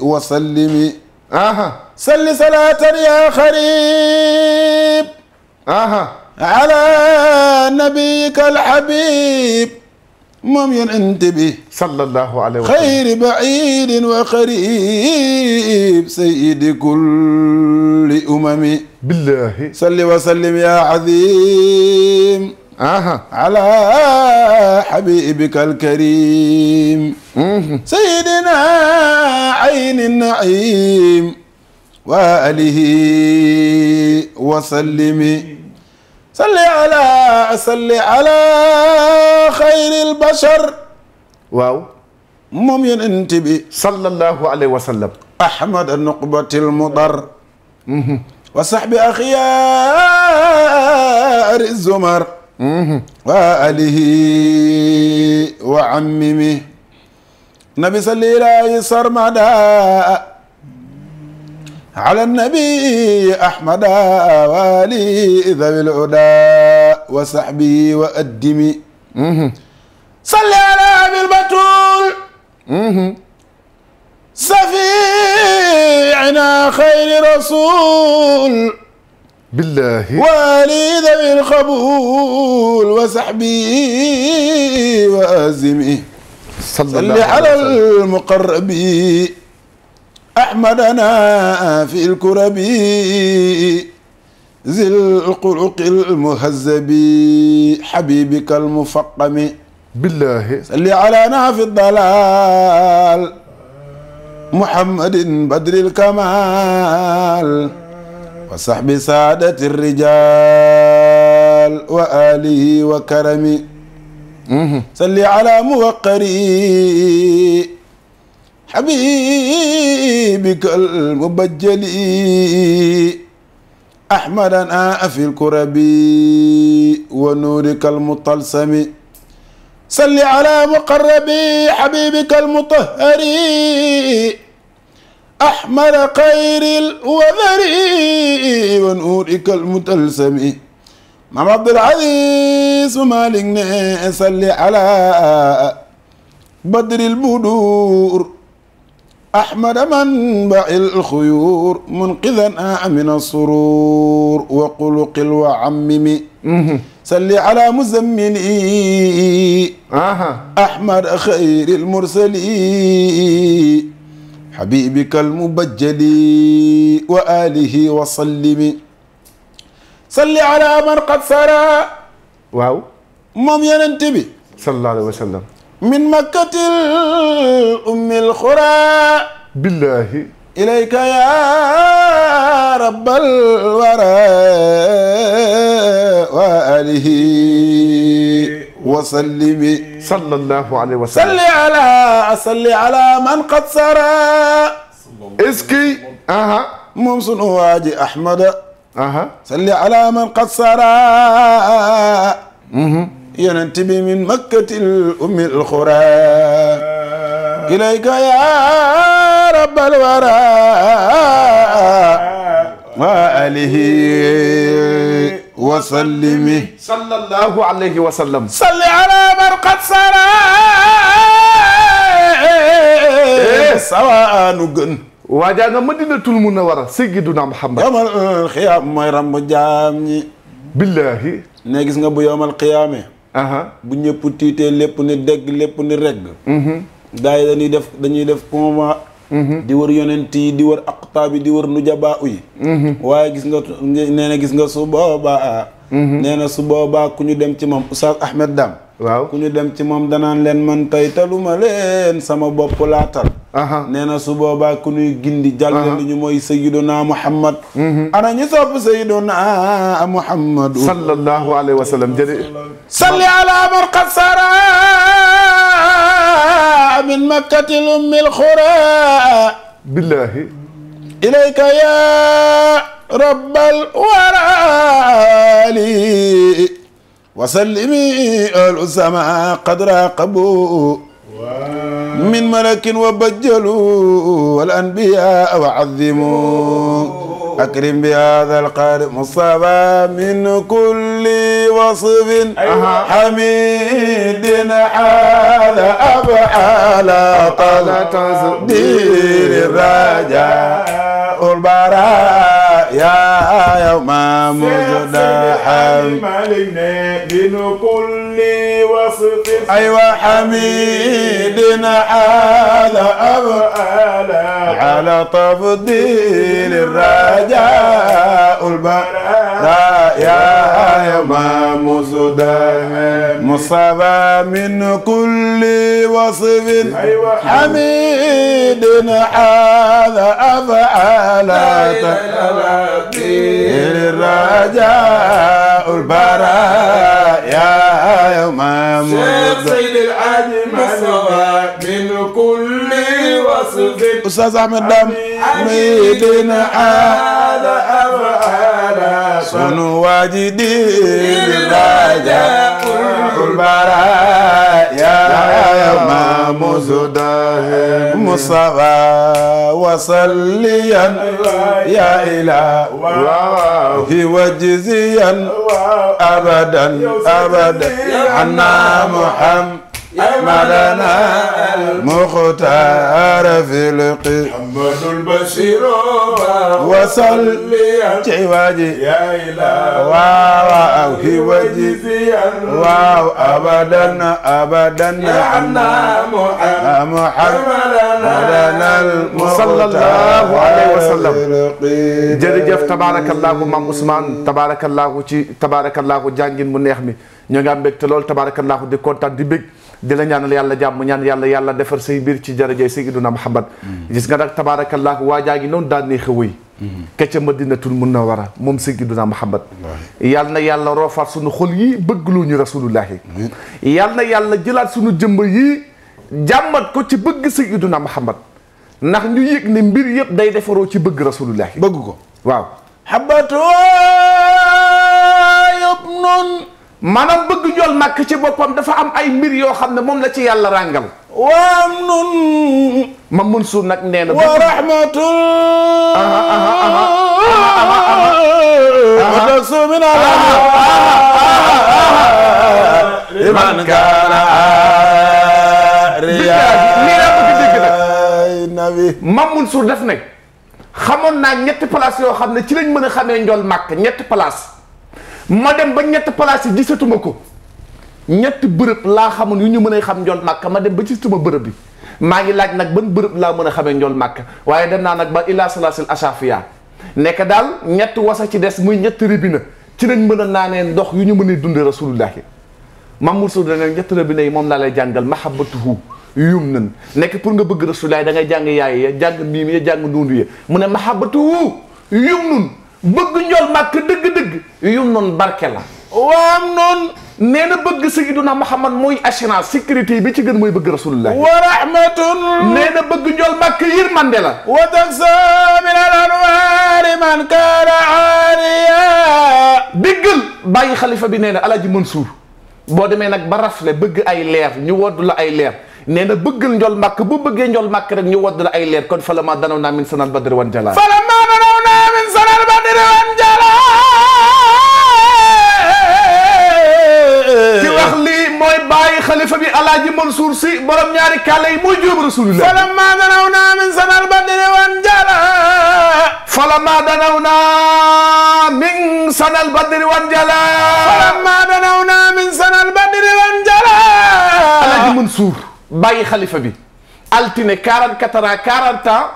وسلم آه. سل صلاة يا خريب آه. على نبيك الحبيب مؤمن انت به صلى الله عليه وسلم خير بعيد وقريب سيد كل أمم بالله صل وسلم يا عظيم ala habibika alkarim mhm. sayidina ayni naim wa alihi wa sallimi salli ala salli ala xayri albashar waaw moom yonent bi sallallahu alayhi wa sallam ahmad nuqbati almudar mhm. wa sahbi axyaari zumar wa alihi wa ammimi nabi salilaahi sarmada ala nabi ahmada wa ali dhawil uda wa sahbihi wa addimi salli ala abil batul safiina xayri rasul بالله ولي ذوي القبول وسحبي وازمي صلى الله على المقرب احمدنا في الكرب ذي القلق المهذب حبيبك المفقم بالله صل على نافي الضلال محمد بدر الكمال wa sahbi saadati rijal wa alihi wa karami salli ala muwaqari حبيبك المبجل أحمدنا في الكرب ونورك المطلسم صل على مقرب حبيبك المطهر أحمد خير الوذري ونورك المتلسم مع عبد العزيز مالك صلي على بدر البدور أحمد منبع الخيور منقذنا من السرور وقلق الوعمم صلي على مزمني أحمد خير المرسلين حبيبك المبجل وآله وسلم صل على من قد سرى واو موم ينتبي صلى الله عليه وسلم من مكة الأم الخرى بالله إليك يا رب الورى وآله وسلم sallallahu alayhi wa sallam salli ala salli ala man qad sara est-ce que aha moom sunu waaji ahmada aha salli ala man qad sara mhm. yonent bi min makkatil ummil xura ilayka ya rabbal wara wa alihi وسلم صلى الله عليه وسلم صل على من قد سرى سواء نجن waajaa nga madinatul munawara sayyiduna Muhammad yowmal xiyaam mooy ram bu jaam ñi billaahi ne gis nga bu yowmal xiyaamee bu ñëpp tiitee lépp ni dégg lépp ni regg gars dañuy def dañuy Mm-hmm. di wër yonent yi di wër aqtaab yi di wër nujabaa yi mm-hmm. waaye gis nga nee na gis nga su boobaa mm-hmm. nee na su boobaa ku ñu dem ci moom Oustaz Ahmed Dame waaw ku ñu dem ci moom danaan leen man tey taluma leen sama bopp laatal nee na su boobaa ku ñuy gindi jàllale ñu mooy sayiduna muhammad ana ñu sopp sayiduna muhammad sallallahu salli ala man qad raa min makkatil ummil xuraa billaahi ilayka yaa rabbal waraali wasallimi ahlu sama qadra qabu min malakin wa bajjalu wal anbiya wa azimu akrim bi hada alqaari mustafa min kulli kulli wasfin hamidin ala abala qala tasdiri raja ulbara ya yawma mujda hamidin kulli أيوة حميدنا على أبعالا على تفضيل الرجاء البراء يا إمام سودان مصطفى من كل وصف حميدنا على أبعالا تفضيل الرجاء البراء يا إمام سيد العالي مصطفى من كل وصف أستاذ أحمد دام ميدين على أفعال سنو واجدين راجع البراء يا إمام زداه مصطفى وصليا يا إله وجزيا أبدا أبدا عنا محمد مدنا المختار في القي محمد البشير وصلي يا إله الحق وجزيا واو أبدا أبدا عنا محمدا صلى الله عليه وسلم jërëjëf tabaarakallaahu maam Ousmane tabaarakallaahu ci tabaarakallaahu jàngin mu neex mi ñoo ngi am mbégte lool tabaarakallaahu di kontaan di bég di la ñaanal yàlla jàmm ñaan yàlla yàlla defar say mbir ci jërëjëf Seydina Muhammad mm. gis nga nag tabaarakallaahu waa ngi noonu daan neex a ke ca madinatul munawara moom sayyiduna Muhammad yal na yàlla roofaat sunu xol yi bëgglu ñu rasulullahi yal na yàlla jëlaat sunu jëmb yi jàmmat ko ci bëgg sayyiduna Muhammad ndax ñu yëg ne mbir yëpp day defaroo ci bëgg rasulullahi bëgg ko waaw xabato yëpp noonu maanaam bëgg jool màkk ci boppam dafa am ay mbir yoo xam ne moom la ci yàlla ràngal waam nun ma Mansour nag nee na. wa rahmatul. liman kaana Mame Mansour def nag xamoon naa ñetti place yoo xam ne ci lañ mën a xamee njool màkk ñetti place ma dem ba ñetti place yi gisatuma ko ñett bërëb laa xamoon yu ñu mën a xam njool màkka ma dem ba ci suma bërëb bi maa ngi laaj nag ban bërëb laa mën a xamee njool màkka waaye dem naa nag ba ila salasil asafiya nekk daal ñetti wasa ci des muy ñetti ribina ci lañ mën a naanee ndox yu ñu mën a dundee rasulullahi Mamour Sow dana ñetti ribina yi moom laa lay jàngal mahabbatuhu yum nan nekk pour nga bëgg rasulullahi da ngay jàng yaay ya jàng miim ya jàng nuunu ya mu ne mahabbatuhu yum nun bëgg njool màkk dëgg-dëgg yum nun barke waam noonu nee na bëgg sayyiduna Muhammad mooy assurance sécurité bi ci gën mooy bëgg rasulullah wa rahmatun nee na bëgg njool màkk yërmande la wa taksa min al anwaari man kaana aaliya déggal bàyyi xalifa bi nee na alaaji Mansour boo demee nag ba rafle bëgg ay leer ñu wodd la ay leer nee na bëggal njool màkk bu bëggee njool màkk rek ñu wodd la ay leer kon fa la ma danow naa min sanal badri wan jalaal mooy bàyyi xalifa bi alaaji Mansour si borom ñaari kàlla yi mooy jóob rasulullah falama danaw naa min sanal badri wan jala falama danaw naa min sanal badri wan jala falama danaw naa min sanal badri wan jala alaaji Mansour bàyyi xalifa bi altine quarante quatre ans quarante ans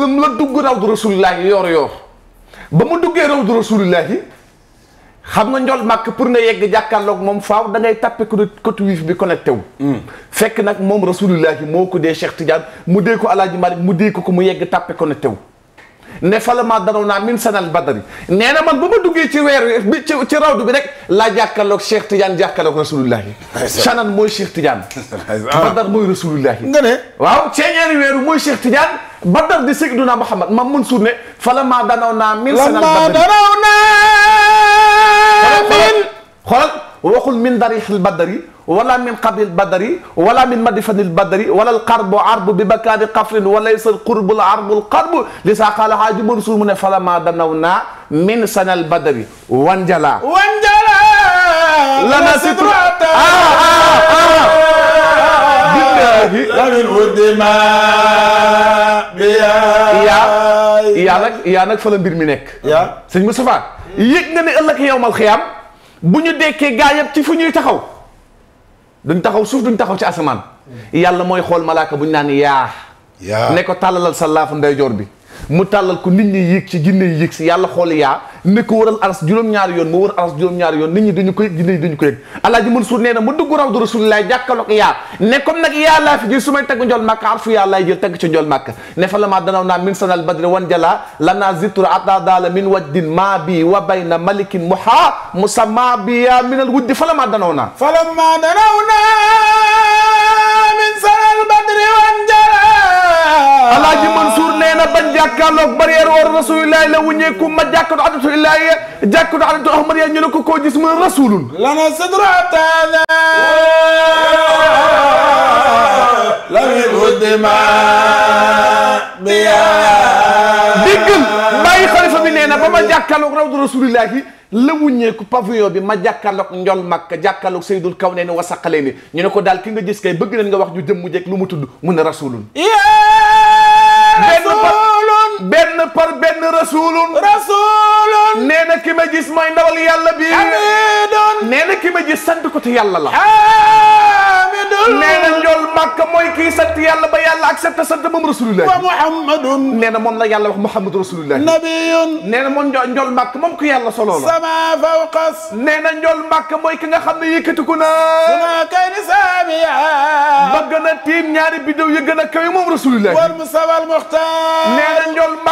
lam la dugg rawdu rasulullah yor yor ba mu duggee rawdu rasulullah xam nga njol màkk pour nga yegg jàkkaarloog moom faaw da ngay tàppe côté wifi bi connecté wu hmm. fekk nag moom rasulullah yi moo ko dee Cheikh Tidiane mu dee ko Alaaji Malik mu dee ko ko mu yegg tàppe connecté wu ne fala la ma danoon naa min sanal badari nee na man ba ma duggee ci weer bi ci ci rawdu bi rek laa jàkkaarloog Cheikh Tidiane jàkkaarloog rasulullah yi sanan mooy Cheikh Tidiane ah. badar mooy rasulullah yi nga ne waaw ceeñeeri weeru mooy Cheikh Tidiane badar di Seydina Muhammad ma mën suur ne fa la ma danoon naa min sanal badari xoolal waxul min darixil badari wala min qabril badari wala min madifanil badari wala al qarbu arbu bi bakaani qafrin wa laysa al qurbul arbul qarbu li saa qaala xaaji mansuur mu ne falama danaw naa min sanal badari wanjala wanjala lana sitrata ah, ah, ah. billahi lamin udima biya yaa nag yaa nag fa la mbir mi nekk yaa sëñ Moustapha yëg nga ne ëllëg yowmal xiyaam bu ñu dekkee gaa yëpp ci fu ñuy taxaw duñ taxaw suuf duñ taxaw ci asamaan yàlla mooy xool malaaka bu ñu naan yaa ne ko tàllalal sa laafu ndeyjoor bi mu tàllal ko nit ñi yéeg ci jinne yi si yàlla xool yaa ne ko waral aras juróom-ñaari yoon ma wër aras juróom-ñaari yoon nit ñi dañu ko yëg jinne yi dañu ko yëg alaaji Mansuur nee na ma dugg rawdu rasulillah jàkkaloog yaa ne comme nag yaa laa fi jël su may tagg njol màkka ar fu yaa laay jël tagg ci njol màkka ne fa la maa danaw naa lana zitru ata daala min wajdin maa bi wa bayna malikin muha musamma bi yaa minal wujdi fa la maa fa la maa danaw naa min sanal badri a bañ jàkkaarloog la ma jàkkatu adatu illahi jàkkatu adatu ahmad ya ñu ne ko koo gis mu rasulun lana sadratana lam yuddima na ba ma jàkkaarloog rawdu rasulillahi la wuññeeku pavillon bi ma jàkkaarloog njol makka jàkkaarloog saydul kaw nee ni wasaqalee ni ñu ne ko daal ki nga gis kay bëgg nañ nga wax ñu jëmm jeeg lu mu tudd mun a benn par benn rasulun rasulun nee na ki ma gis mooy ndawal yàlla bi amidun nee na ki ma gis sant ko te yàlla la màkk mooy kii sant yàlla ba yàlla accepté sant moom rasulullah wa muhammadun nee na yàlla wax muhammadu rasulullah nabiyun nee na moom njol màkk moom solo la sama fawqas nee na njol màkk mooy ki nga xam ne yëkkati ko na suma kayni ñaari bidéw yi gën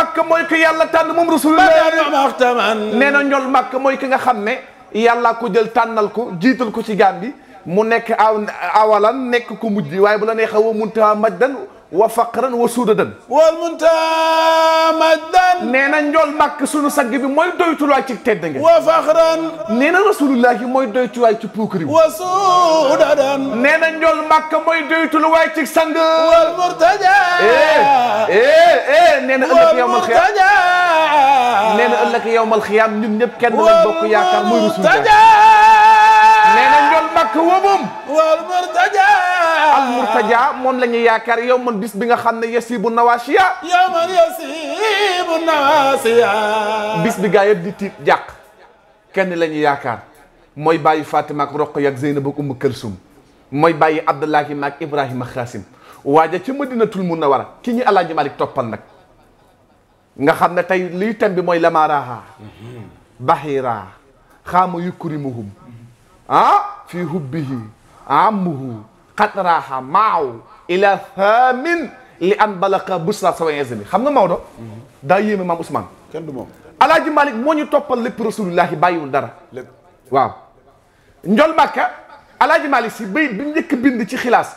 a mooy ki yàlla moom rasulullah nee na njol màkk mooy ki nga xam ne yàlla ko jël tànnal ko jiital ko ci gaan bi mu nekk awalan nekk ku mujj waaye bu la neexee wa muntaha majdan wa faqran wa suudadan wal muntaha majdan nee na njool màkk sunu sagg bi mooy doytuwaay ci tedd nga wa faqran nee na rasulullah yi mooy doytuwaay ci puukari wa suudadan nee na njool màkk mooy doytuwaay ci sang wal murtaja eh eh, eh nee na ëllëg yowmal xiyaam nee na ëllëg yowmal xiyaam ñun ñëpp kenn lañ bokk yaakaar muy rasulullah nee na ñoom mbàkk al murtaja moom la yaakaar yow man bis bi nga xam ne yasibu nawasiya yow man yasibu bis bi gaa yëpp di tiit kenn la yaakaar mooy bàyyi Fatima ak Roqaya ak Zeynab ak Umm Kalsum mooy bàyyi Abdullahi maak Ibrahima Xaasim waaja ci madinatul munawara ki ñu Alaaji Malik toppal nag nga xam ne tey liy tem bi mooy lamaaraha bahira xaama yukrimuhum ah fii hubbihi amuhu xatraaha maaw ila faamin li an balaka busra sawa yazmi xam nga Maodo mhm. daa yéeme maam Ousmane kenn du moom alaaji Malick moo ñu toppal lépp rasulullahi bàyyiwul dara waaw njol Màkka alaaji Malick si bayit bi njëkk bind ci xilaas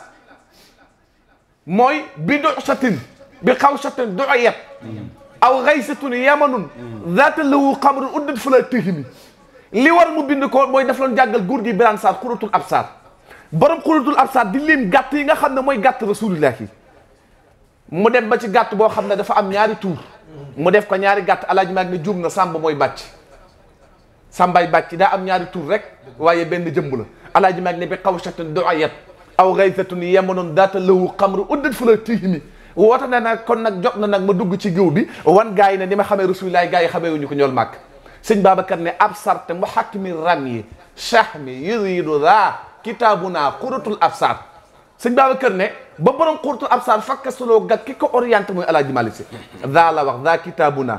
mooy bi do satin bi xaw satin do yet mhm. aw xaysatun yamanun mhm. zaata lawu xamru uddat fala tihimi li war mu bind ko mooy daf loon jàngal góor gi Birane Sarr xuratul absaar borom xuratul absaar di leen gàtt yi nga xam ne mooy gàtt rasulillah yi mu dem ba ci gàtt boo xam ne dafa am ñaari tuur mu def ko ñaari gàtt alaaj maag ne juum na sàmb mooy bàcc sàmbay bàcc daa am ñaari tuur rek waaye benn jëmb la alaaj maag ne bi xawshatun du'ayat aw gaytatun yamanon daata lawu xamru uddat fu la tihimi woote ne nag kon nag jot na nag ma dugg ci géew bi wan gaa yi ne ni ma xamee rasulillah gaa yi xamee wuñu ko ñool màkk sëñ Babacar ne ab sarte mu xakkimi ram yi chah mi yuridu ra kitaabuna xuratul absar sëñ Babacar ne ba borom xuratul absar fakkasuloo gag ki ko orienté mooy alaaji Malick Si za la wax za kitaabuna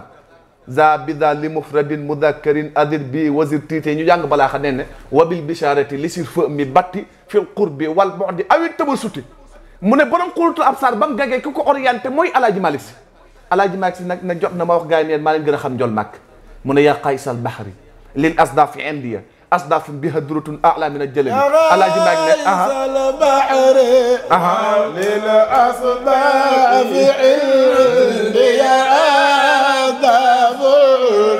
za bida li mufradin mudakkarin adir bi wasir tiite ñu jàng balaa xa ne ne wabil bisharati li sir fa mi batti fil qurbi wal bu'di awit tabasuti mu ne borom xuratul absar ba mu gaggee ki ko orienté mooy alaaji Malick Si alaaji Malick Si nag nag jot na ma wax gars yi ne maa gën a xam njol màkk mu ne yaa qaysal bahri lil asdafi indiya asdaf biha duratun a'la min al-jalbi alaaji naag ne aha lil asdaf indiya asdaf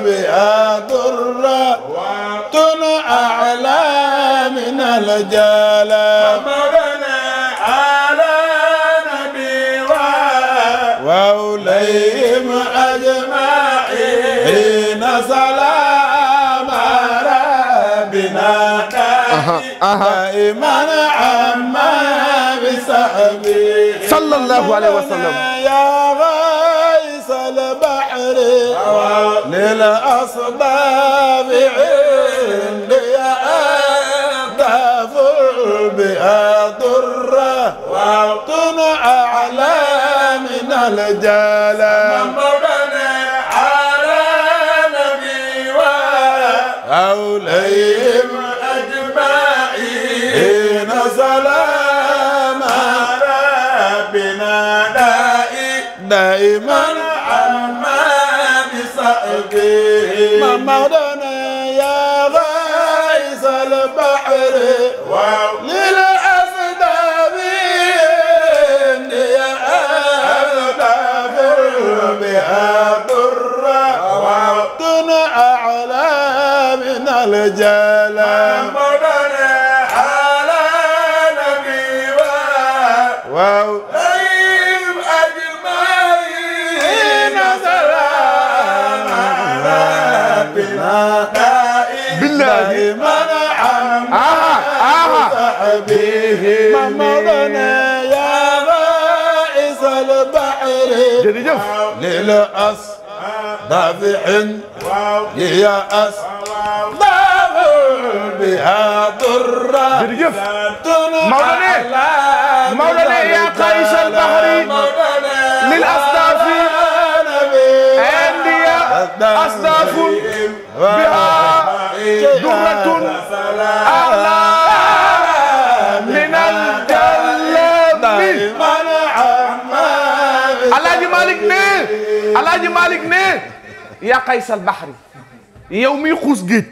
biha duratun a'la min al-jalbi دائما عما بسحبي صلى الله عليه وسلم يا غيث البحر للأصباب عندي أهدافر بها درة وطن أعلى من الجلال على نبي وأوليه دائما أمام صحبي ممرنا يا غيث البحر للأسباب يا أغتفر بها ضر وقت أعلى من الجاه jërëjëf li la as dafi in li ya as بها ضرا مولانا مولانا يا قيس البحري للأصداف عندي أصداف بها ضرة أعلى Malick ne yaa qaysal baxri yow miy xuus géej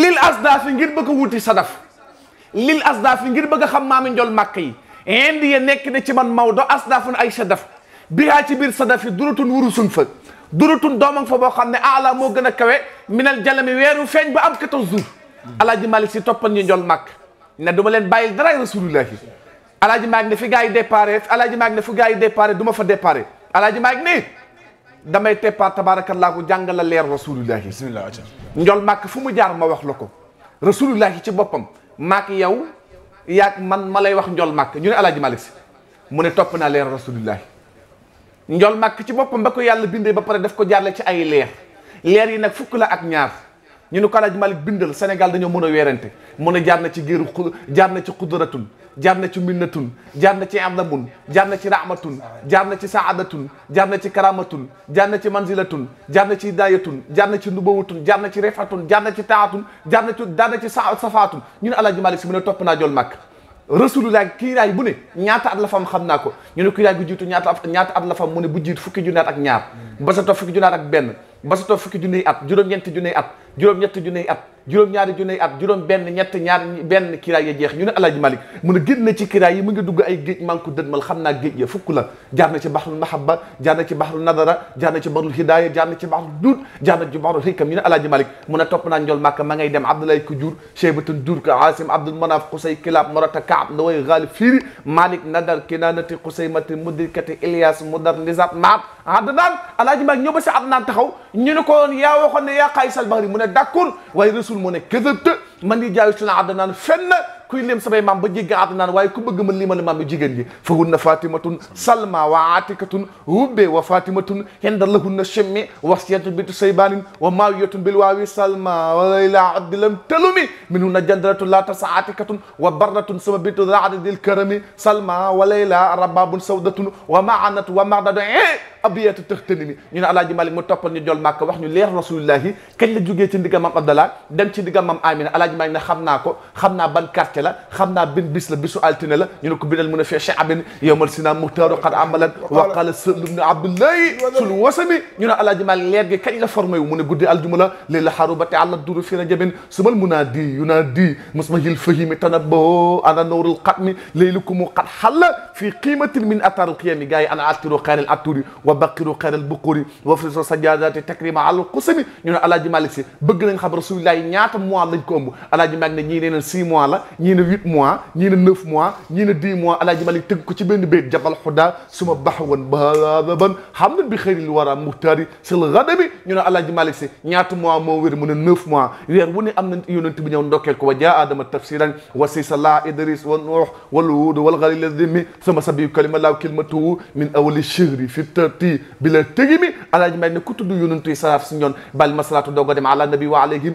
lil asdaafi ngir bëgg a wuti sadaf lil asdaafi ngir bëgg a xam maami njol màkk yi indi ya nekk na ci man Maodo asdaafun ay sadaf bihaa ci biir sadaf yi duratun wurusun fa duratun doomam fa boo xam ne ala moo gën a kawe minal jalami weeru feeñ ba am 14 jours alaaji Malick si toppal ñu njol màkk ne du ma leen bàyyil daraay rasulullahi alaaji maag ne fi gars yi déparé alaaji maag ne fu yi déparé du ma fa déparé alaaji maag ne damay teppaat tabaarakallaa ko jàng la leer rasulullahi bismillah njol màkk fu mu jaar ma wax la ko rasulullahi ci boppam maak yow yaag man ma lay wax njol màkk ñu ne alaaji malik si mu ne topp naa leer rasulullahi njol màkk ci boppam ba ko yàlla bindee ba pare def ko jaarle ci ay leer leer yi nag fukk la ak ñaar ñu ne ko alaaji bindal senegal dañoo mën a weerante mën a jaar na ci géeru jaar na ci xudratun jaar na ci minnatun jaar na ci adamun jaar na ci rahmatun jaar na ci saadatun jaar na ci karamatun jaar na ci manzilatun jaar na ci hidayatun jaar na ci nubawatun jaar na ci refatun jaar na ci taatun jaar na ci jaar na ci sa safaatun ñu ne Alaaji Malik Si mu ne topp naa jol màkk rasulullah kiiraay bu ne ñaata at la fam xam naa ko ñu ne kiiraay gu jiitu ñaata ñaata at la fam mu ne bu jiit fukki junni at ñaar ba sa at ak benn ba sa toog fukki junni at juróom at juróom-ñett junni at juróom-ñaari junni at juróom benn ñett ñaar benn kiraay ya jeex ñu ne Alaaji Malik mu ne génn na ci kiraay yi mu ngi dugg ay géej maa ngi ko dëdmal xam naa géej ya fukk la jaar na ci baxrul mahabba jaar na ci baxrul nadara jaar na ci baxrul hidaaya jaar na ci baxrul duut jaar na ci baxrul hikam ñu ne Alaaji Malik mu ne topp naa njol màkka ma ngay dem Abdoulaye ko jur Cheybatun Dur ka Asim Abdul Manaf Xusay Kilab Morata Kaab Naway Ghalib Fiiri Malik Nadar Kinaanati Xusaymati Mudirkati Ilyas Mudar Nizat Maat Adnaan Alaaji Malik ñëw ba si Adnaan taxaw ñu ne ko woon yaa waxoon ne yaa xaay sal baxri ne d'accord waaye rasul moo ne kësat man di jaayu suna addanaan fenn kuy lim samay maam ba jégga at naan waaye ku bëgg ma limal maam yu jigéen ji fa hunna fatimatun salma wa atikatun rubbe wa fatimatun henda lahunna chemmi wasiyatun bintu saybanin wa mawiyatun bil waawi salma wa layla abdilam talumi min hunna jandaratun la tasa atikatun wa barratun sama bintu raadi dil karami salma wa layla rababun sawdatun wa maanat wa magdadu eh abiyatu tëxtani mi ñu ne alaaji malik mu toppal ñu jol màkk wax ñu leer rasulullahi kañ la jógee ci ndigga maam abdallah dem ci ndigga maam amina alaaji malik ne xam naa ko xam naa ban quartier fàtte la xam naa bin bis la bisu altine la ñu ne ko binal mën a fee abin yowmal sina muhtaaru qad amalan waqala sëlubni abdullahi sul wasami ñu ne alaaji maal leer gi kañ la formé wu mu ne guddi aljuma la lii la xarubate àlla duru fi rajabin sumal munaadi yunaadi musmahil fahimi tanabbahu ana nawrul xatmi laylukumu qad xalla fii qiimatin min ataaril qiyami gars yi ana attiru xayral atturi wa baqiru xayral buquri wa friso sajadati takrima al qusami ñu ne alaaji maalik si bëgg nañ xam rasulillahi ñaata mois lañ ko ëmb alaaji maalik ne ñii la ñii ne huit mois ñii ne neuf mois ñii ne dix mois ci benn bayt jabal xuda suma bax woon baban xam nan bi xëyril wara muxtaari sil gadami ñu ne alaaji malik si ñaata mois moo wér mu ne neuf mois weer am na yonent bi ñëw ndokkeel ko adama tafsiran wa sisa la idris wa nuux wal wuud wal galil dimi sama sabiyu kalima laaw kilmatuhu min awali chehri fi tarti bi la tëgi mi alaaji malik ne ku tudd yonent yi si ñoon bal masalaatu doog a dem nabi wa alayhim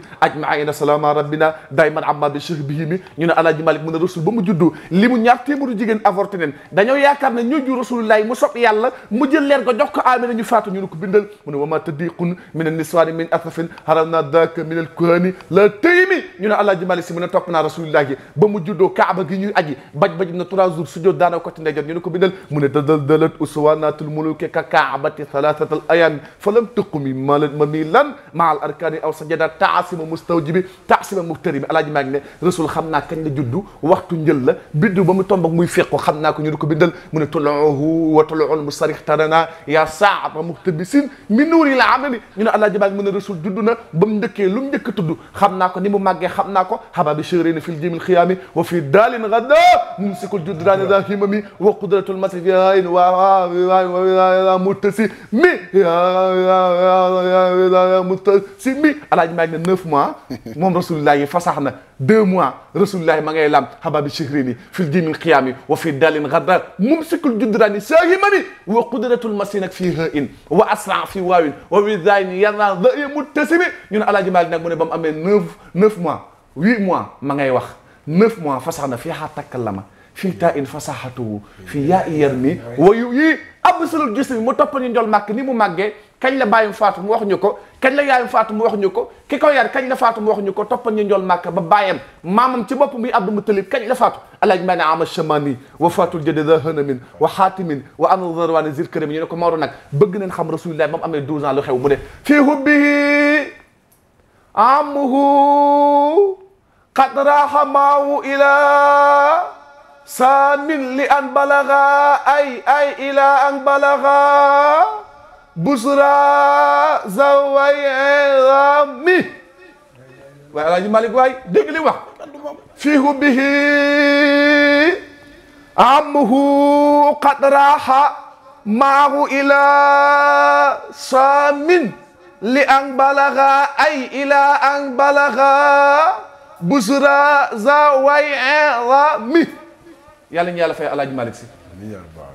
Alaaji Malik mu ne rasul ba mu juddu li mu ñaar téeméeru jigéen avorté nen dañoo yaakaar ne ñoo ju rasulullahi mu sob yàlla mu jël leer ko jox ko amina ñu faatu ñu ne ko bindal mu ne wama tadiqun min anniswaani min athafin haram na daka min alkuhani la taymi ñu ne Alaaji Malik si mu ne topp naa rasulullahi ba mu juddoo kaaba gi ñuy aji baj baj na trois jours su jot daana ko ci ndey jot ñu ne ko bindal mu ne tadaldalat uswanatul muluki ka kaabati thalathatal ayan falam tuqmi malat mamilan maa al arkani aw sajada taasima mustawjibi taasima muhtaribi Alaaji Malik ne rasul xam naa kañ juddu waxtu njël la biddu ba mu tombak muy fequ xam naa ko ñu di ko bindal mu ne tuluhu wa tuluul musarix tarana ya saata muhtabisin min nuuril ñu ne àlaa jibaag mu ne rasul juddu na ba mu njëkkee lu mu njëkk xam naa ko ni mu màggee xam naa ko xabaabi shérina fil jimil xiyaami wa fi daalin gada mumsikul juddaani da himami wa qudratul masifi ayn wa wa mutasi mi mutasi mi alaaji maag ne neuf mois moom rasulullah yi fasax na deux mois rasulullahi ma ngay lam hababi shihrini fil jimin qiyami wa fi dalin ghadar mumsikul judrani sahimani wa qudratul masinak fi hain wa asra fi waawin wa widayn yara dha'i muttasimi ñun alaaji Maalik nag mu ne ba mu amee neuf neuf mois huit mois ngay wax neuf mois fasax na fiiha takallama fii ta in fasaxatuhu fii yaa i yarmi wa yu yii absalul jismi mu topp ñu njol màkk ni mu màggee kañ la bàyyam faatu mu wax ñu ko kañ la yaayam faatu mu wax ñu ko ki ko yar kañ la mu wax ñu ko toppal ñu njool màkk ba bàyyam maamam ci bopp muy abdu mutalib kañ la faatu alaaj maa ne ama chamani wa fatul jadida hanamin wa xaatimin wa andarwaane zir këram ñu ne ko Maodo nag bëgg nañ xam rasulillah ba mu amee 12 ans lu xew mu ne fii hubbihi amuhu qad rahamaahu ila li an balaga ay ay ila an balaga busra zawayami waaye alaaji malik waay dégg li wax fii hubbihi amhu qad raha maahu ila saamin li an balaga ay ila an balaga busra zawayami yàlla ñu yàlla fay alaaji malik si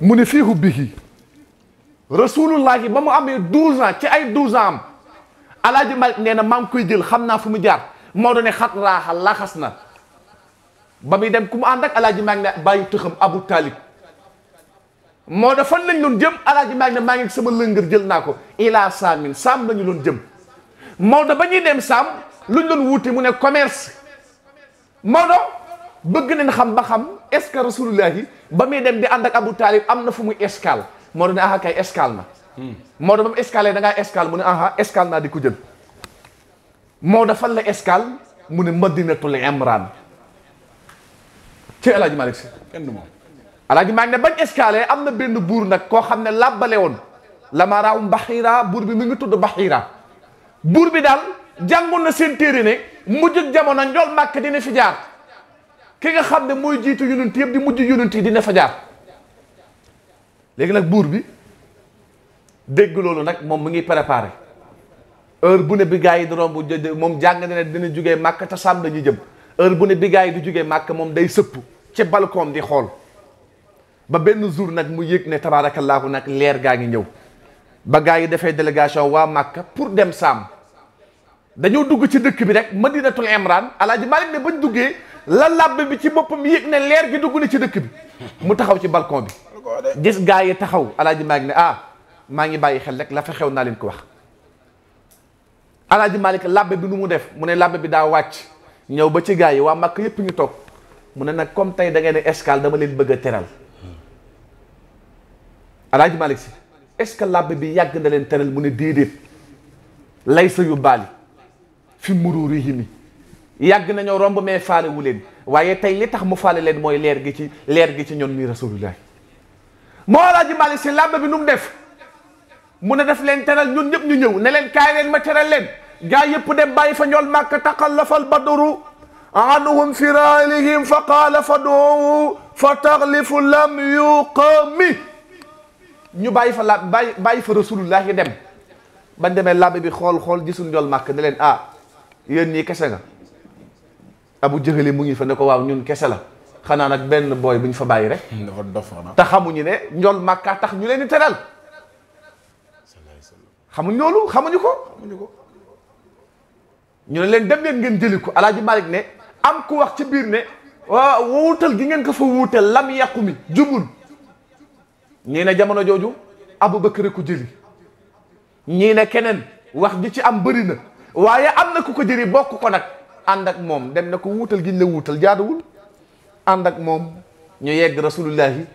mu ni fii hubbihi rasulullahi ba mu amee 12 ans ci ay 12 ans am alaaji Malick nee na maa ngi koy jël xam naa fu mu jaar Maodo ne xat raaxa laxas na ba muy dem ku mu ànd ak alaaji Malick ne bàyyi tëxam Abu moo Maodo fan lañ doon jëm alaaji Malick ne maa ngi sama lëngër jël naa ko ilaa saamin saam lañu loon jëm Maodo ba ñuy dem saam luñ doon wuute mu ne commerce Maodo bëgg nañ xam ba xam est-ce que rasulullahi ba muy dem bi ànd ak Abu Talib am na fu muy escale moo ne aha kay escale na mu ne aha di ko jël Maodo fan la escale mu ne Madinatul Imran ci El Hadj Malick si kenn du moom ne bañ escalé am na benn buur nag koo xam ne làbbale woon lama raaw Mbaxira buur bi mu ngi tudd Mbaxira buur bi daal jàngoon na seen téere ne jamono njool màkk dina fi ki nga xam ne mooy jiitu yonent yëpp di mujj yonent dina fa jaar léegi nag buur bi dégg loolu nag moom mu ngi préparé heure bu bi gaa yi di romb moom jàng na ne dina jugee màkk te sàmm dañuy jëm heure bu ne bi gars yi di jugee màkk moom day sëppu ci balkoom di xool ba benn jour nag mu yëg ne tabaarakallaahu nag leer gaa ngi ñëw ba gars yi defee délégation waa màkk pour dem sàmm dañoo dugg ci dëkk bi rek ma madinatul imran alaaji Maalik ne bañ duggee la làbbe bi ci boppam yëg ne leer gi dugg na ci dëkk bi mu taxaw ci balkon bi gis gaa yi taxaw alaaji maa ngi ah maa ngi bàyyi xel rek la fa xew naa leen ko wax alaaji Malick labbe bi nu mu def mu ne labbe bi daa wàcc ñëw ba ci gaa yi waa màkk yépp ñu toog mu ne nag comme tey da ngeen ne escale dama leen bëgg a teral alaaji Malick si est-ce que labbe bi yàgg na leen teral mu ne déedéet lay sa yu baali fi muruuri yi mi yàgg nañoo romb mais faale wu leen waaye tey li tax mu faale leen mooy leer gi ci leer gi ci ñoon mi rasulullah moo laa ji Malick si làmb bi nu mu def mu ne def leen teral ñun ñëpp ñu ñëw ne leen kaay ma teral leen gaa yëpp dem bàyyi fa ñool màkk taxallafal badru anhum firalihim fa qaala fadoowu fa taxlifu lam yuqami ñu bàyyi fa la bàyyi bàyyi fa rasulullah dem bañ demee làmb bi xool xool gisul ñool màkk ne leen ah yéen ñii kese nga abu jëxali mu ngi fa ne ko waaw ñun kese la xanaa nag benn booy bu ñu fa bàyyi rek. Mm, dafa dof xanaa. te xamuñu ne ñool màkkaa tax ñu leen di teral. xamuñ loolu xamuñu ko. xamuñu ko. ñu ne leen dem leen ngeen jëli ko El Hadj ne am ku wax ci biir ne waaw wuutal gi ngeen ko fa wuutal lam yàqu mi jubul ñii ne jamono jooju Aboubacar ko jëli ñii ne keneen wax ji ci am bëri na waaye am na ku ko jëli bokk ko nag ànd ak moom dem na ko wuutal gi ñu la wuutal jaaduwul. ànd ak moom ñu yegg rasulullahi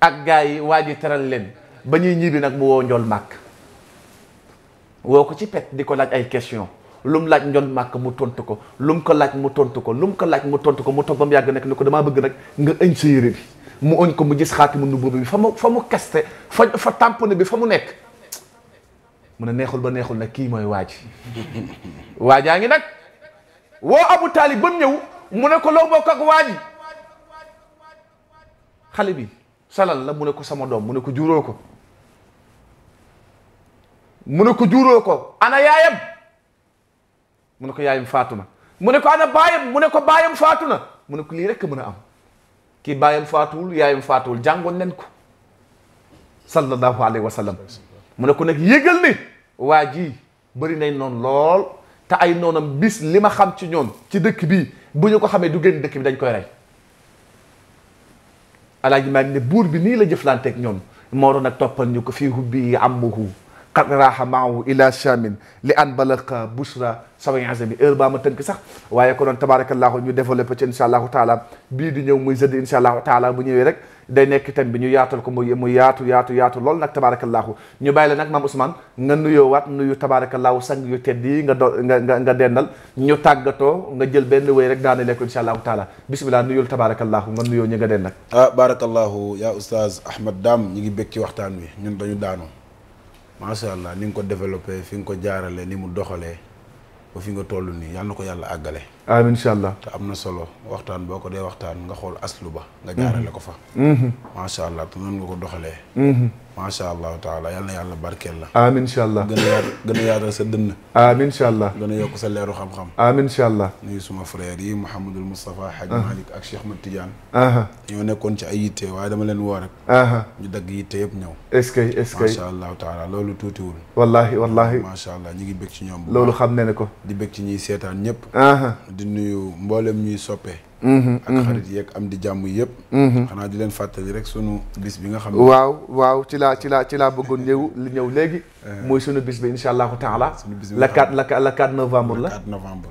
ak gaa yi waa ji teral leen ba ñuy ñibbi nag mu woo njol màkk woo ko ci pet di ko laaj ay question lum laaj njol màkk mu tontu ko lum ko laaj mu tontu ko lum laaj mu tontu ko mu toog yàgg nag ni ko damaa bëgg nag nga ëñ sa yére bi mu ëñ ko mu gis xaatimu nubuwwa bi fa mu fa mu kaste fa fa tamponné bi fa mu nekk mu ne neexul ba neexul nag kii mooy waaj waajaa ngi nag woo Abu Taalib ba mu ñëw mu ne ko loo bokk ak waaj xale bi salal la mu ne ko sama doom mu ne ko juróo ko mu ne ko juróo ko ana yaayam mu ne ko yaayam faatu na mu ne ko ana baayam mu ne ko baayam faatu na mu ne ko lii rekk mën a am kii baayam faatuwul yaayam faatuwul jàngoon nen ko sallallahu alayhi wa sallam mu ne ko nag yëgal ne waa ji bëri nañ noonu lool te ay noonam bis li ma xam ci ñoon ci dëkk bi bu ñu ko xamee du génn dëkk bi dañ koy rey alaaji maa ngi ne buur bi nii la jëflanteeg ñoon moo doon nag toppal ñu ko fii hubbi ammuhu qad raaha maahu ila shamin li an balaka bushra saway azami heure baa ma tënk sax waaye ko doon tabarakallahu ñu développé ci incha allahu taala bii di ñëw muy zëdd incha allahu taala bu ñëwee rek day nekk thème bi ñu yaatal ko mu mu yaatu yaatu yaatu lool nag tabaarakallaahu ñu bàyyi la nag maam Ousmane nga nuyoo waat nuyu tabaarakallaahu sang yu tedd yi nga do nga nga nga dendal ñu tàggatoo nga jël benn wéy rek daane lekko insha allahu taala bisimilah nuyul tabaarakallaahu nga nuyoo ñi nga dendal ah baarakallaahu yaa oustaz Ahmad daam ñu ngi bég ci waxtaan wi ñun dañu daanoo macha allah ni nga ko développé fi nga ko jaarale ni mu doxalee ba fi nga toll nii yàlla na ko yàlla àggale. amiin incha allah te am na solo waxtaan boo ko dee waxtaan nga xool aslu ba. nga la mhm. ko fa. Mhm. macha allah te noonu nga ko doxalee. Mhm. macha allah taala yal yàlla barkeel la. amiin incha allah gën a yaat gën a yaatal sa dënn. amiin incha allah gën a yokk sa leeru xam-xam. amiin incha allah. nuyu suma frère yi Mouhamadul Moustapha. Hadj ah. Malick ak Cheikh Mat Tidiane. Ah. ñoo nekkoon ci ay yitte waaye dama leen woo rek. Ah. ñu dagg yitte yëpp ñëw. est-ce que est-ce que macha allah taala loolu tuutiwul. wallaahi wallaahi. macha allah ñu ngi bëgg ci ñoom. loolu xam ne ne ko. di bëgg ci ñuy seetaan ñëpp. di nuyu mbooleem ñuy soppe. Mm-hmm, ak mm-hmm. xarit yeeg am di jàmm yëpp mm-hmm. xanaa di leen fàttali rek sunu bis bi nga xam ne waaw waaw ci laa ci laa ci laa bëggoon ñëw li ñëw léegi eh. mooy sunu bis bi insha allahu taala la 4 la 4 novembre la 4 novembre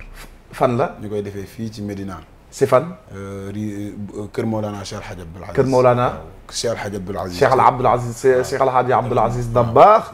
fan la ñu koy defee fii ci Médina si fan euh, ri euh, kër Mawlana Cheikh Hadj Abdoul Aziz kër Mawlana Cheikh Hadj Abdoul Aziz Cheikh Abdoul Aziz Cheikh Hadj Abdoul Aziz Dabakh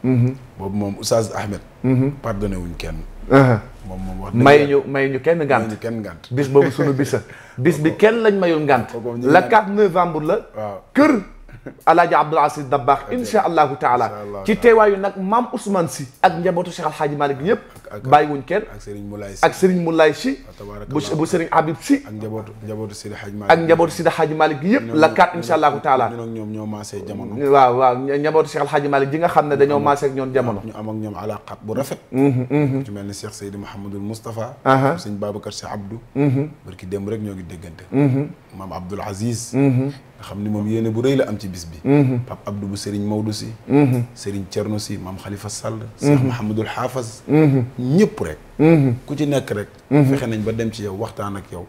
Mm-hmm. boobu moom Oustaz Ahmed. Mm-hmm. pardonné wuñ kenn. Uh-huh. moom moom wax may ñu may ñu kenn ngànt may ñu kenn ngànt bis boobu sunu bisa bis bi kenn lañ mayul ngànt la 4 novembre la. waaw kër. alaaji abdul aziz dabbaax insha allahu taala ci teewaayu nag maam ousmane si ak njabootu cheikh alhaaji malik gi yëpp bàyyi wuñ kenn ak sëriñ mulaay si ak sëriñ mulaay si bu sëriñ habib si ak njabootu njabootu sidi haaji malik ak njabootu sidi haaji malik gi yëpp la kaat insha allahu taala ñun ak ñoom ñoo maase jamono waaw waaw njabootu cheikh alhaaji malik gi nga xam ne dañoo maase ak ñoom jamono ñu am ak ñoom alaqat bu rafet mhm, mhm. ci mel ni cheikh seydi mouhamadul moustapha sëñ babacar si abdou mhm. barki démb rek ñoo ngi déggante maam abdul aziz xam ni moom yéene bu rëy la am ci bis bi mhm. Pape Abdou bu Serigne Maodo si mhm. Serigne Thierno si Maam Khalifa Sall mhm. Cheikh Mahamadul Haafaz ñëpp rek ku ci nekk rek fexe nañ ba dem ci yow waxtaan ak yow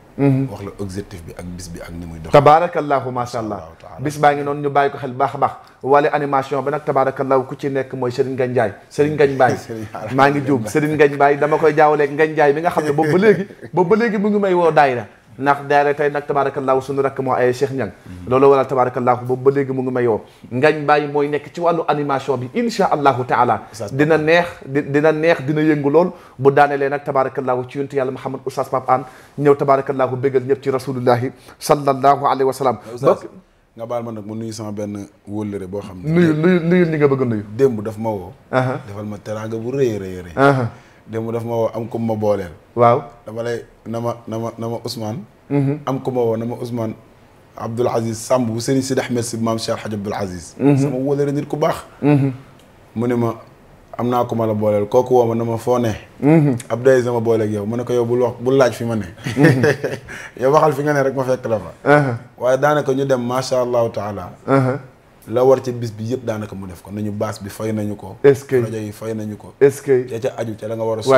wax la objectif bi ak bis bi ak ni muy dox tabaarakallaahu macha allah bis baa ngi noonu ñu bàyyi ko xel baax a baax wala animation ba nag tabaarakallaahu ku ci nekk mooy Serigne Ngagne Ndiaye Serigne Ngagne Mbaye maa ngi juum Serigne Ngagne Mbaye dama koy jaawaleeg Ngagne Ndiaye bi nga xam ne boobu ba léegi boobu ba léegi mu ngi may woo ndax daare tey nag tabaarakallaahu suñu rakk moo ay Cheikh Niang loolu waral tabaarakallaahu boobu ba léegi mu ngi mayoo yow bàyyi mooy nekk ci wàllu animation bi insha allahu taala dina neex dina neex dina yëngu lool bu daanelee nag tabaarakallaahu ci yuntu yàlla Muhammad oustaz Pape Anne ñëw tabaarakallaahu béggal ñëpp ci rasulullahi sallallahu alayhi wa sallam nga baal ma nag mu nuyu sama benn wóllëre boo xam ne nuyu nuyu nuyu ñi nga bëgg nuyu démb daf ma woo defal ma teraanga bu rëy rëy rëy démb daf ma woo am ku ma booleel. waaw dama lay na ma na ma na ma Ousmane. Mhm. am ku ma woo na ma Ousmane Abdoul Aziz Samb bu Serigne Sidi Ahmed si maam Cheikh Hadj Abdoul Aziz. Mhm. sama wóolare nit ku baax. Mhm. mu ne ma am naa ku ma la booleel kooku woo ma na ma foo ne. Abdoulaye sama booleeg yow mu ne ko yow bul wax bul laaj fi ma ne. yow waxal fi nga ne rek ma fekk la fa. Uh-huh. waaye daanaka ñu dem macha allahu taala. Uh-huh. la war ci bis bi yëpp daanaka mu def ko nañu baas bi fay nañu ko. est-ce que ko. est-ce que ya ca aju ko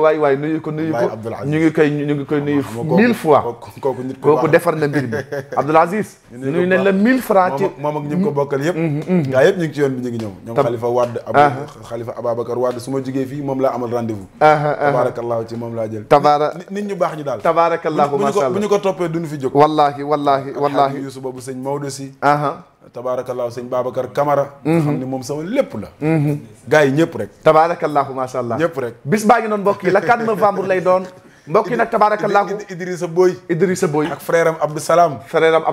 waay ko nuyu ko ñu ngi koy ñu ngi koy nuyu mille fois. ko kooku defar na mbir bi Abdoul Aziz. nuyu nañ la mille francs ci moom ak ñi ko bokkal yëpp. Mm, mm, mm. gaa yëpp ñu ngi ci yoon ñëw. ñoom Khalifa Wade. Ah. Khalifa Ababacar ma jugee fii moom laa amal rendez-vous. Ah, ah, moom laa jël. tabaara nit ñu baax ñu daal. tabaarakallaahu macha allah bu ñu ko toppee duñu fi jóg. wallaahi wallaahi wallaahi. Yuusu boobu sëñ Maodo si tabaarakallaahu sëñ Babacar Camara. nga mhm. moom sama lépp la. gars yi ñëpp rek. tabaarakallaahu macha allah ñëpp rek. bis baa ngi noonu mbokk yi la 4 novembre lay doon. mbokk yi nag tabaarakallaahu Idrissa Boy Idrissa Boy ak frère am Abdou Salam frère daal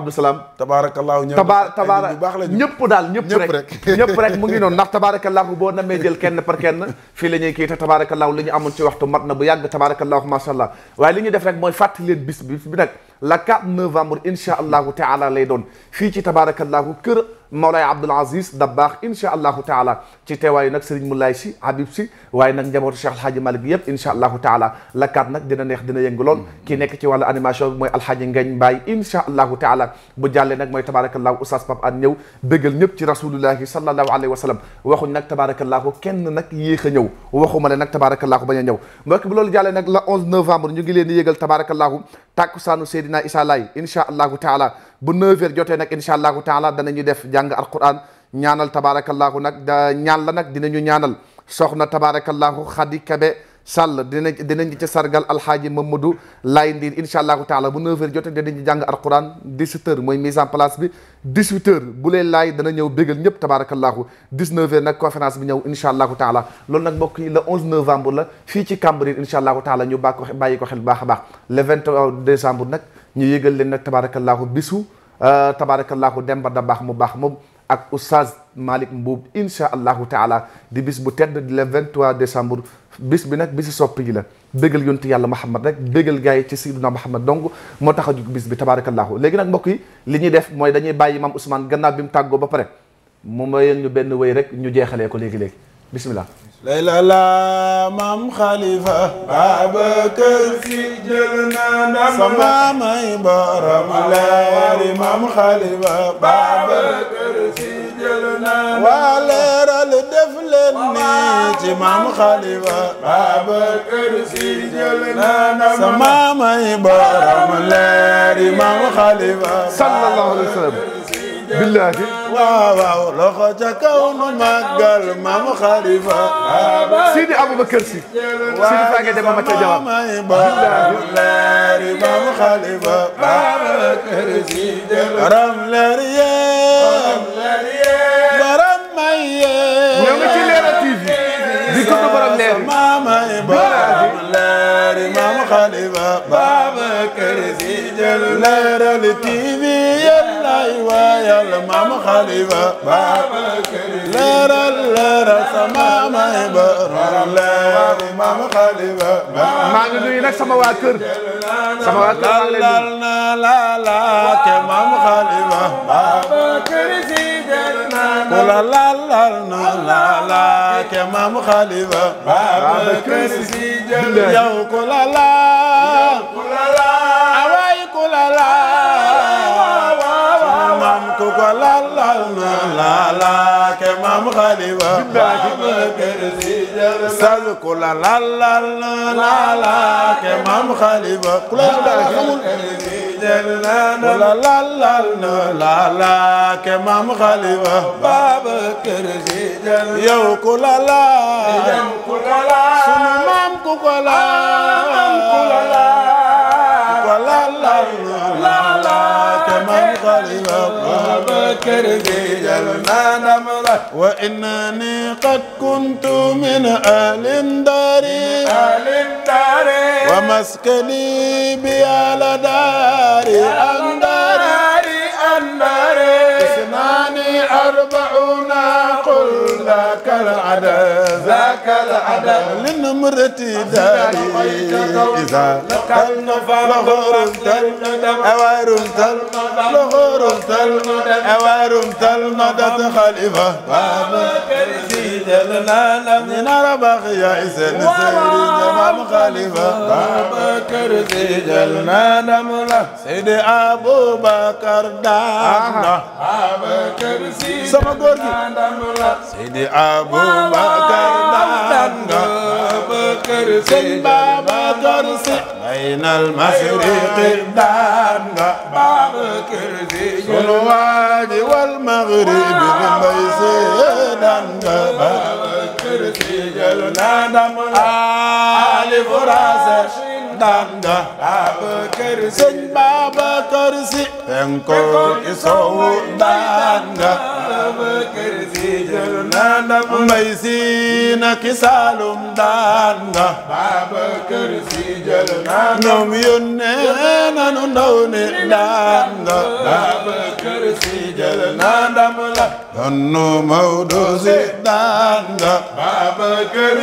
ñëpp rek mu ngi noonu ndax tabaarakallaahu boo namee jël kenn par kenn fii la ñuy kii te tabaarakallaahu ci waxtu mat na bu yàgg tabaarakallaahu macha allah waaye li ñuy def rek mooy fàttali leen bis bi bi nag la 4 novembre incha allahu taala lay doon fii ci tabarakallahu kër Mawlaay Abdul Aziz Dabbaax incha allahu taala ci teewaayu nag Serigne Moulay si Habib si waaye nag njabootu Cheikh Alhaji Malick bi yëpp incha allahu taala la 4 nag dina neex dina yëngu lool mm-hmm. ki nekk ci wàllu animation bi mooy Alhaji Ngagne Mbaye incha allahu taala bu jàllee nag mooy tabarakallahu oustaz Pape An ñëw bëggal ñëpp ci rasulullahi sallallahu alayhi wa sallam waxuñ nag tabarakallahu kenn nag yéex a ñëw waxuma le nag tabarakallahu a ñëw mbokk bu loolu jàllee la 11 novembre ñu ngi leen di yëgal tabarakallahu takk tàkkusaanu Seydina Issa Laye incha allahu taala bu 9h jotee nag incha allahu taala danañu def jàng alquran ñaanal tabarakallahu nag da ñaan la nag dinañu ñaanal soxna tabarakallahu Khady Kebe Sall dina dinañ ci sargal alxaaji Mamadou Laye Ndir incha allahu taala bu 9h jotee dinañ ci jàng alquran 17h mooy mise en place bi 18h bu leen laay dana ñëw bégal ñëpp tabaarakallahu 19h nag conférence bi ñëw incha allahu taala loolu nag mbokk yi le 11 novembre la fii ci Cambérène incha allahu taala ñu bàyyi ko bàyyi ko xel bu baax a baax le 20 décembre nag ñu yëgal leen nag tabaarakallahu bisu euh, tabaarakallahu dem ba da baax mu baax moom. ak oustaz Malick Mbuub incha allahu taala di bis bu tedd di le 23 décembre bis bi nag bisi soppi yi la bégal yontu yàlla Muhammad rek bégal gars yi ci Seydina Muhammad donc moo tax a jug bis bi tabaarakallahu léegi nag mbokk yi li ñuy def mooy dañuy bàyyi maam Ousmane gannaaw bi mu tàggoo ba pare mu mayeen ñu benn wéy rek ñu jeexalee ko léegi-léegi bismillah layla la maam Khalifa. Babacar Si jël na ndam. sama may borom leeri maam Khalifa. Babacar Si jël na ndam. waa leeral def leen nii ci maam Khalifa. Babacar Si jël na ndam. sama may borom leeri maam Khalifa. sallallahu alayhi wa sallam. billaahi waaw waaw loxo ca kaw nu màggal maam xalifa sidi aboubacar si sidi fage dema ma ca jawab billaahi maam xalifa babakar si ram leer yee baram may yee ñoo ngi ci Leral TV di ko baram leer mamay baram leer maam xalifa babakar si Leral TV aywa yàlla maam xalifa baaba këriñ leeral leeral sama may ba leeral maam xalifa maa ngi nuyu nag sama waa kër sama waa kër maa ngi leen di na la la ke maam xalifa baaba këriñ si del na la la na la la ke maam xalifa baaba këriñ si del yow ko la la ko laal laal na laala ke maam Xalifa sal ko la laal laal na laala ke maam Xalifa ku la xamul la laal laal na laala ke maam Xalifa Babacar Si yow ku la laal sunu maam ku ko laal كرهي جلنا نمرة وإنني قد كنت من أهل داري أهل داري ومسكني بيا لداري أنداري ذاك العدد ذاك العدد لنمرتي داري إذا لقد نفع لغور تل أوار تل لغور تل أوار تل مدد خليفة وما كرسي جلنا لم نرى بقي عسن سيري جمال خليفة وما كرسي جلنا لم سيدي أبو بكر دانا وما كرسي جلنا لم Seydi Abubakar naan nga Seydi Abubakar si baynal masriqi naan nga sunu waaji wal maghribi mbay si naan nga Babakar si jël naa dam alif raasa tànga Babacar si penko ki si jël na ndam mbay si na ki Saalum si jël na ñoom yónnee nanu ndaw ni si jël na ndam la donnu Maodo si tànga Babacar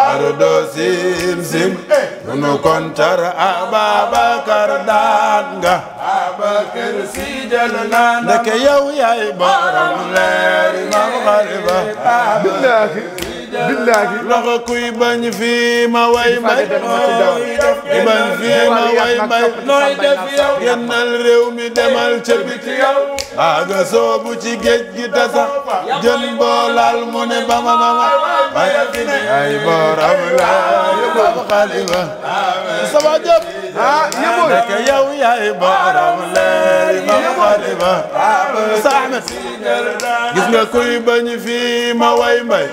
ardo sim sim eh. nunu kontar Ababakar daan nga Abakar si jëlu naa ndeke yow yaay borom leer imam xalifa billaahi loxo kuy bañ fii ma way bay bañ fii ma way bay nooy def yow génnal réew mi demal ca biti yow baaga soobu ci géej gi ta sax jën boo laal mu ne ba ma ma ma bay ay boram la yóbbab xalifa sama jëp ah yow yaay xalifa saxmet gis nga kuy bañ fii ma way mbay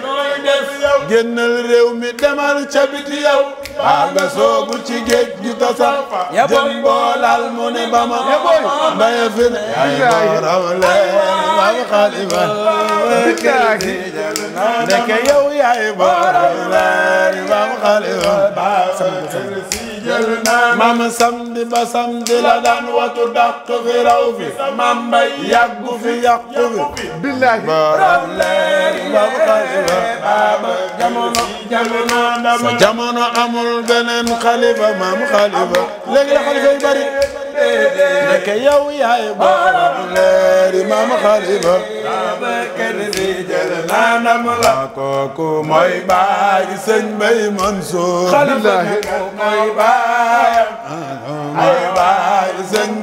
génnal réew mi demal ca biti yow waa nga soobu ci géej gi tasa jëm boolal mu ne ba ma mbaya fi ne ay borom leen maam xalifa nekk yow yaay borom leen maam xalifa jël naa mam samedi baay sëñ bay Mansour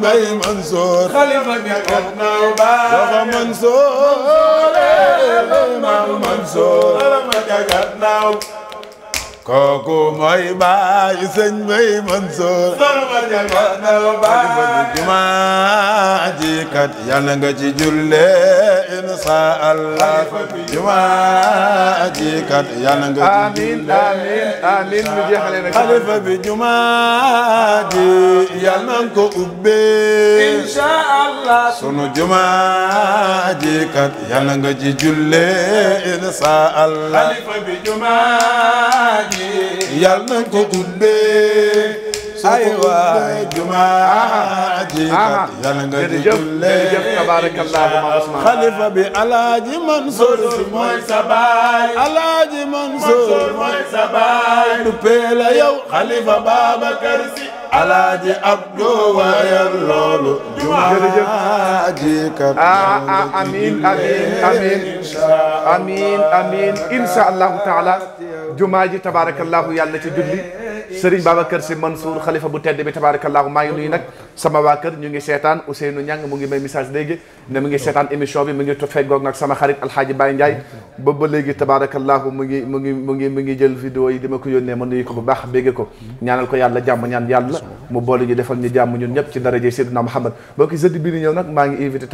bay Mansour xalifa bi kat naaw baay loxo Mansour léegi Mansour xalifa bi kat naaw kooku mooy baay sëñ bay jumaa ji kat yàlla nga ci julle insa allah jumaa ji kat jumaa ji yàlla nga ji kat yàlla nga allah xalifa jumaa ji yal nañ ko dundee ay waay jumaa ji kat yal nga di jullee xalifa bi alaaji Mansour mooy sa baay alaaji Mansour mooy sa baay du peela yow xalifa Babacar Si alaaji Abdou wayal loolu jumaa ji kat ah, ah, amin amin amin amin amin insha allahu taala jumaa ji tabaarakallaahu yàlla na ci julli Serigne Babacar Sy Mansour xalifa bu tedd bi tabarakallahu maa ngi nuyu nag sama waa kër ñu ngi seetaan Ousseynou Niang mu ngi may message léegi ne mu ngi seetaan émission bi mu ngi feggoog nag sama xarit Alxaaji Baye Ndiaye ba léegi tabarakallahu mu ngi mu ngi jël vidéo yi di ma ko yónnee ma nuyu ko bu baax bégge ko ñaanal ko yàlla jàmm ñaan yàlla mu boole ñu defal ñu jàmm ñun ñëpp ci daraje Seydina Muhammad boo ki jeudi bi ni ñëw nag maa ngi invité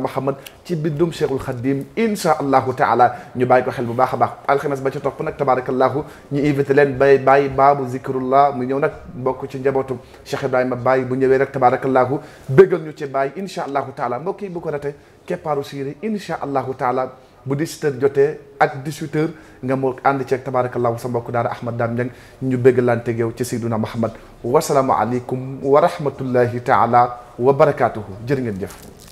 Muhammad ci bindum Cheikhul Khadim insha allahu taala ñu bàyyi ko xel bu baax a baax alxames ba ca topp nag tabarakallahu ñu invité leen bay bàyyi baabu zikrullah mu ñëw nag bokk ci njabootu Cheikh Ibrahima Baye bu ñëwee rek tabarakallahu béggal ñu ci Baye insha allahu taala mbokk yi bu ko rate keppaaru siiri insha allahu taala bu 17h jotee ak 18h nga moo ànd ceeg tabarakallahu sa mbokk daara Ahmad Dame Niang ñu béggalanteeg yow ci Seydina Muhammad wasalaamualeykum wa rahmatullahi taala wa barakaatuhu jërë ngeen jëf